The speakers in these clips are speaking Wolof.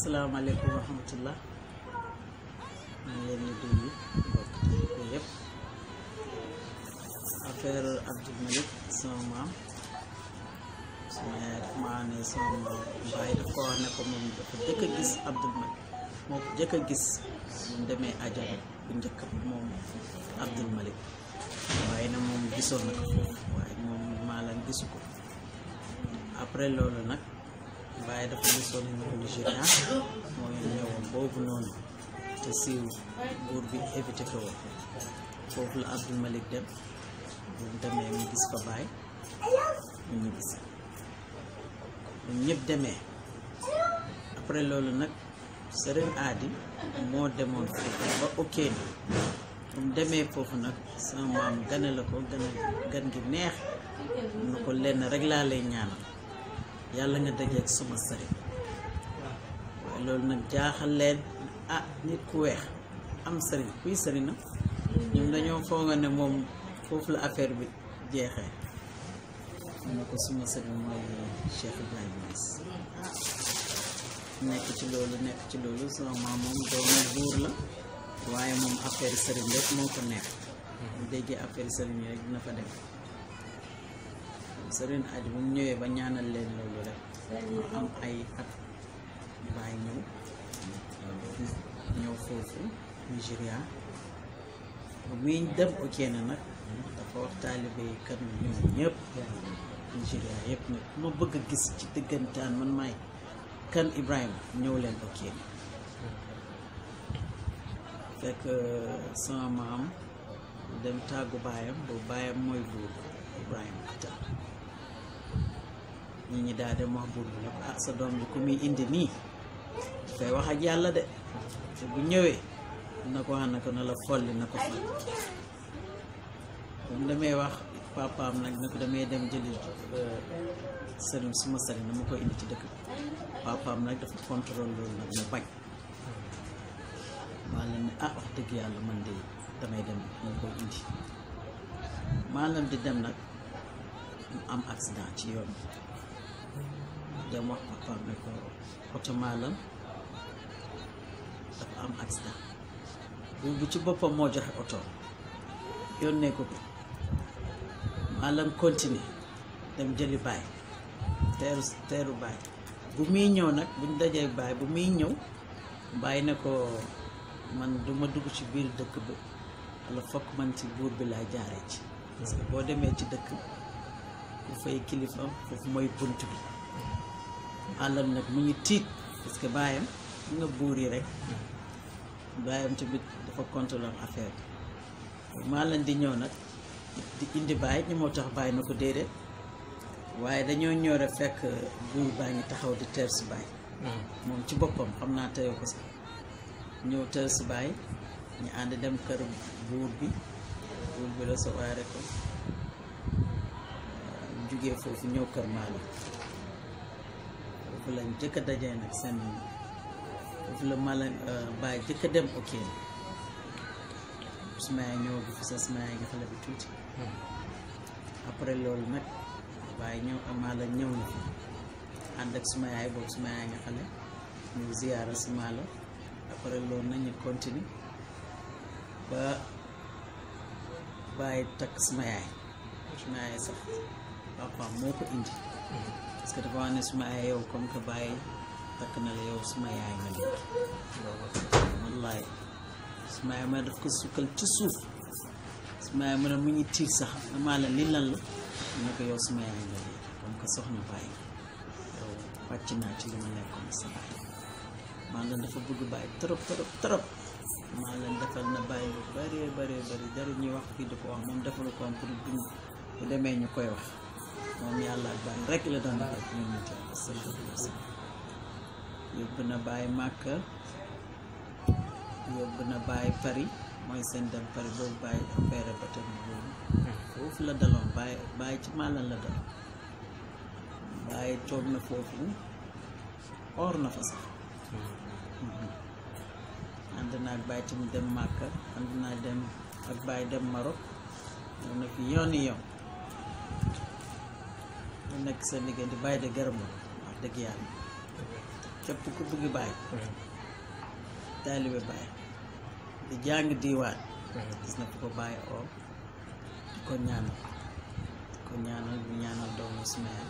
salaamaaleykum wa rahmatullah maa ngi leen di nuyu mbokk yi yëpp affaire Abdou Malick sama maam sama yaay dafa ne sama baay daf ko wax ne ko moom dafa jëkk a gis mu demee àjjana bu njëkk moom Abdou Malick waaye nag moom gisoon na waaye moom maa lan gisu ko après loolu nag. waaye dafa gisoon nigérien mooy ñëwoon boobu noonu te siiw buur bi évité ko woon foofu la Abdul Malik dem mu demee mu gis fa baay mu ñibbisi ñun ñëpp demee après loolu nag sëriñ aadi moo demoon foofu nag sama maam gane la ko gan gi neex mu ko lenn rek laa lay ñaanal yàlla nga dajeeg suma sëriñ waaye loolu nag jaaxal leen ah nit ku weex am sëriñ kuy sëriñ na ñoom dañoo fooga ne moom foofu la affaire bi jeexee mu ne ko suma sëriñ mooy Cheikh Ibrahima nekk ci loolu nekk ci loolu sama maam moom doomu buur la waaye moom affaire sëriñ rek moo ko nekk mu déggee affaire sëriñ rek dina fa dem Serigne Aji bu ñëwee ba ñaanal leen loolu rek mu am ay at baay ñëw ñëw foofu Nigéria muy dem Okene nag dafa wax taalibe kan ñoom ñëpp Nigéria yëpp nag ma bëgg a gis ci diggantaan man maay kan Ibrahima ñëw leen Okene fekk euh, sama maam dem tàggu baayam boobu baayam mooy buur Ibrahima nit ñi daal dem wax buur bi ne ko ah sa doom bi ku muy indi nii dafay wax ak yàlla de te bu ñëwee na ko wax na ko na la folli na ko fal moom damay wax papaam nag ne ko damay dem jëli eh, sëriñ suma sëriñ na ma koy indi ci dëkk bi nag dafa contrôle loolu nag mu bañ maa leen ne ah wax dëgg yàlla man de damay dem nañ koy indi maa leen di dem nag mu am accident ci yoon dem wax papa bi ko oto maalam dafa am accident buur bi ci boppam moo joxe oto yónnee ko ko maalam continuer dem jëli baay teeru teeru baay bu muy ñëw nag buñ dajee baay bu muy ñëw bàyyi ne ko man duma dugg ci biir dëkk bi wala fokk man ci buur bi laa jaaree ci parce que boo demee ci dëkk bi fay kilifaam foofu mooy bunt bi àllam nag mu ngi tiit parce baayam nga buur yi rek baayam tamit dafa contrôler affaire bi maa leen di ñëw nag di indi baay ñi moo tax baay na ko déedéet waaye dañoo ñëw fekk buur baa ngi taxaw di teer si baay hmm. moom ci boppam xam naa teyoo ko sax ñëw teer si baay ñu ànd dem kër buur bi buur bi la sa waare ko jógee ñëw Kër Malick foofu lañ jëkk a dajee nag seen foofu la ma leen euh, bàyyi jëkk a dem ok su ma ñëw bu fi sax su ngi xale bi tuuti après loolu nag waaye ñëw amaala ñëw na ànd ak suma boobu suma yaay xale ñu ziyaara suma la après loolu nag continue ba bàyyi takk suma yaay sax Papa moo ko indi parce que dafa wax ne suma yaay yow comme que ko sukkal ci suuf suma yaay ma ne mu ngi tiit sax damaa la li lan la ne ko yow suma yaay nga nekk soxna bàyyi yow wàcc naa ci li ma nekkoon sa maa leen dafa bëgg bàyyi trop trop trop maa leen defal na bàyyi lu bëree bëree bëri dara ñuy wax fii di ko wax moom defalu ko am pour bu demee ñu koy wax moom yàlla ak bànn rek la doon def ñoom ci sallallahu mooy seen dem Paris boobu bàyyi opéré la daloon bàyyi toog na foofu or na fa sax hmm. ànd naa ak bàyyi dem Màkka ànd na fi yoon i yoon mu nekk seen diggante bàyyi de gërëm la wax dëgg yàlla képp ku bëgg bàyyi taalibe bàyyi di jàng diiwaan gis na ku ko bàyyi oo di ko ñaanal di ko ñaanal bu ñaanal doomu Ismaël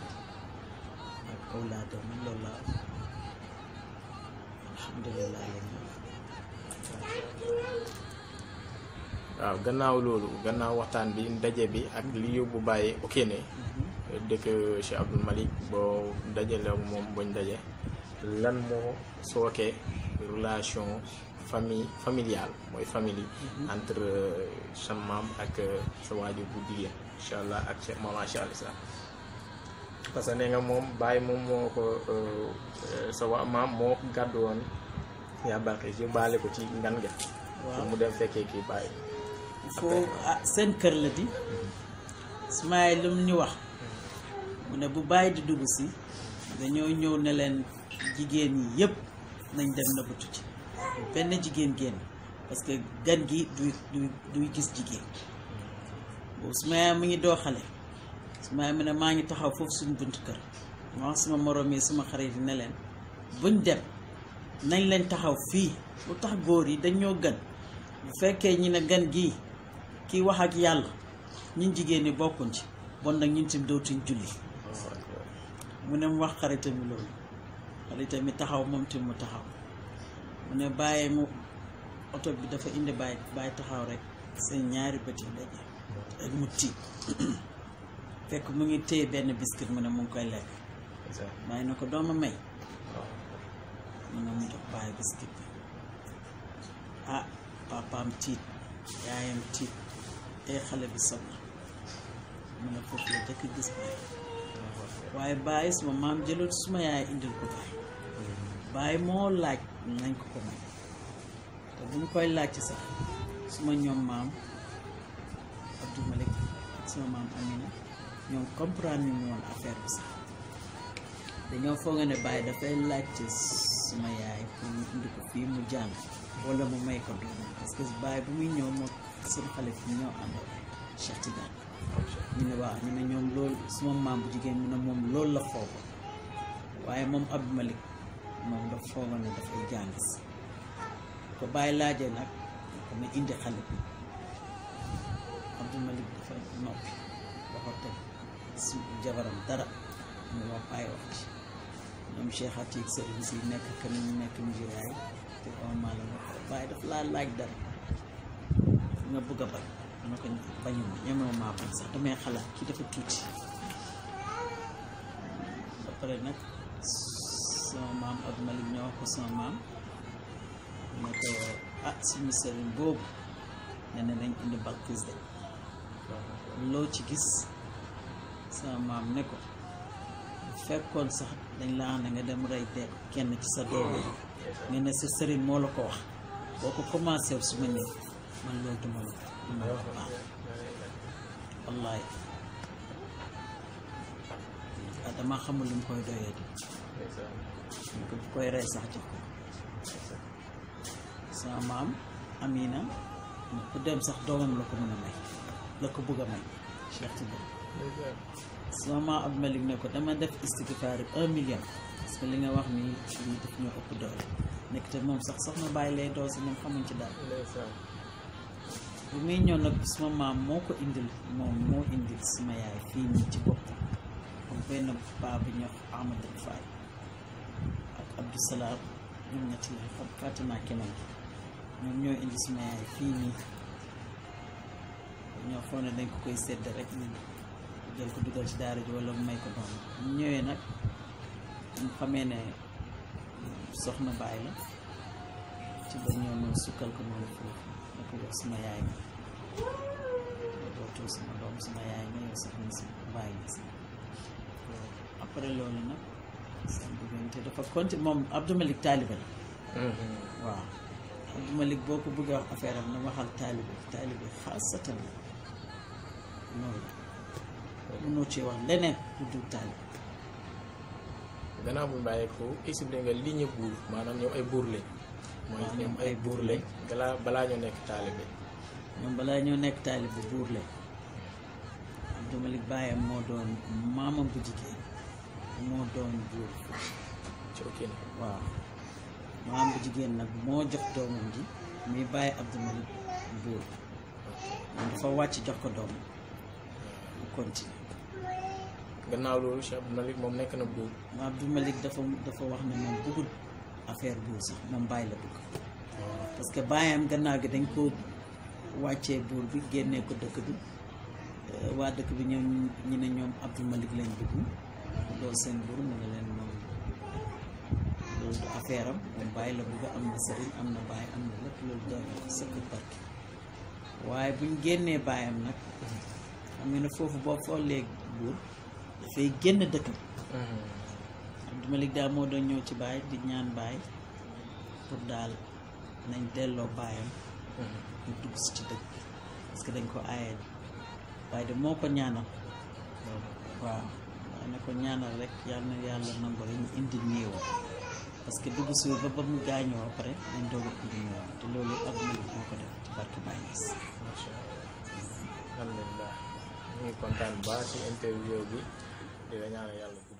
ak loolu la waaw gannaaw loolu gannaaw waxtaan bi ndaje bi ak li yóbbu bàyyi ok ne mhm. dëkk Cheikh Abdoul Malick boo dajale moom booñ daje lan moo sookee relation famille familiale mooy famille mhm. entre euh, sa maam ak euh, sa waajur bu jigéen incha allah ak sa maman Cheikh Alisa parce que nee moom bàyyi moom moo ko euh, sa waa maam moo gàddu woon yaa baaxee ji baale ko ci ngan ga waaw mu dem fekkee kii bàyyi foo ah, seen kër la di mhm. Ismaïl lu mu ñu wax mu ne bu bàyyi di dugg si dañoo ñëw ne leen jigéen yi yëpp nañ dem nëbbatu ci benn jigéen génn parce que gan gi duy duy duy gis jigéen boobu su ma mu ngi doo xale su ma mu ne maa ngi taxaw foofu suñu bunt kër ma wax sama morom yi suma xarit yi ne leen buñ dem nañ leen taxaw fii lu tax góor yi dañoo gën bu fekkee ñi ne gan gii kiy wax ak yàlla ñun jigéen ñi bokkuñ ci bon nag ñu tim dootuñ julli mu ne mu wax xaritam mi loolu xaritam mi taxaw moom tamit mu taxaw mu ne bàyyi mu oto bi dafa indi bàyyi bàyyi taxaw rek seen ñaari bët yi ak mu tiit fekk mu ngi téye benn biscuit mu ne mu ngi koy lekk bàyyi na ko dooma may ah. mu ne mu jox bàyyi biscuit bi ah papaam tiit yaayam tiit tey xale bi sonn mu ne foofu dëkk gis bàyyi waaye Baye suma maam jëloon suma yaay indil ko Baye Baye moo laaj nañ ko ko may te buñ koy laaj sax suma ñoom maam Abdou Malick suma maam Amina ñoom comprendre ñu woon affaire bi sax dañoo fooga ne Baye dafay laajte suma yaay pour mu indi ko fii mu jàng wala mu may ko doomam parce que Baye bu muy ñëw moom seen xale fi ñoo àndoon Cheikh Tidiane ñu ne waaw ñu ne ñoom loolu suma maam bu jigéen ñu ne moom loolu la fooga waaye moom Abdou Malick moom daf fooga ne dafay jàng si ko bàyyi laajee nag dama indi xale bi Abdou Malick dafa noppi jabaram dara mu wax bàyyi wax ci ñoom Cheikh Atik service yi nekk kan nekk njiraay te aw maa la nga bàyyi daf laa laaj dara nga bëgg a bañ dama ko bañu ñemewu maa sax damay xalaat kii dafa tuuti ba nag sama maam Abdou Malick ñoo ko sama maam ne ko ah suñu sëriñ boobu ne ne nañ indi baptiste de loo ci gis sama maam ne ko fekkoon sax dañ la wax nga dem rey de kenn ci sa doom nga ne sa sëriñ moo la ko wax boo ko commencé su ma man loolu duma la wallaay ah damaa xamul lu mu koy doyee di ko koy rey sax jox ko sama maam Amina ku dem sax doomam la ko mën a may la ko bëgg a may Cheikh Tidiane sama maam Abdou ko dama def istigfaar un million parce li nga wax nii lii daf ñoo ëpp doole nekk te moom sax soxna bàyyi lay dool si moom xamuñ ci daal bu muy ñëw nag sama maam moo ko indil moom moo indil sama yaay fii nii ci boppam ak benn paa bi ñëw Amadou Faye ak Abdou ñoom ñetti ñoo indi sama yaay fii nii ñoo foog ne dañ ko koy sedd rek ñu jël ko dugal ci daara ji wala may ko doon ñëwee nag ñu xamee ne soxna Baye la ci ba ñëw sukkal ko noonu foofu ak sama yaay bi dootoo sama doom sama yaay bi yow sax si bàyyi bi après loolu nag seen diggante dafa continué moom Abdou Malick taalibe mhm. waaw Abdou Malick boo ko bëggee wax affaire am na waxal taalibe taalibe noonu la mënoo ci wax leneen lu dul taalibe gannaaw bu bàyyeekoo expliqué nga li buur maanaam ñoom ay buur lañ mooy ñoom ay buur lañ balaa balaa nekk taalibe ñoom balaa ñoo nekk taalibe buur lañ Abdou Malick baayam moo doon maamam bu jigéen moo doon buur Cookina nag moo jox doomam ji muy bàyyi Abdou Malick buur moom dafa wàcc jox ko doomam mu continue gannaaw loolu Cheikh Abdou Malick moom nekk na buur Abdou Malick dafa dafa wax ne moom bëggul affaire buur sax moom bàyyi la bëgg parce que bàyyam gannaaw gi dañ ko wàccee buur bi génnee ko dëkk bi euh, waa dëkk bi ñoom ñi ne ñoom Abdou Malik lañ bëgg loolu seen buur mu ne leen moom loolu du affaire am moom bàyyi la bugg am na sëriñ am na bàyyi am na lépp loolu doy na sëkk barki waaye buñ génnee bàyyam nag xam nga ne foofu boo foolee buur dafay génn dëkk mm-hmm. Abdou Malick daal moo doon ñëw ci baay di ñaan baay pour daal nañ delloo baayam mhm. ñu dugg si ci dëkk parce que dañ ko aayal waaye de moo ko ñaanal mhm. waaw waaye ko ñaanal rek yàlla na yàlla nangu rek indi néewam parce que dugg si ba ba mu gaañoo ba dañ doog a indi néewam te loolu Abdou Malick kontaan bu ci interview bi di la yàlla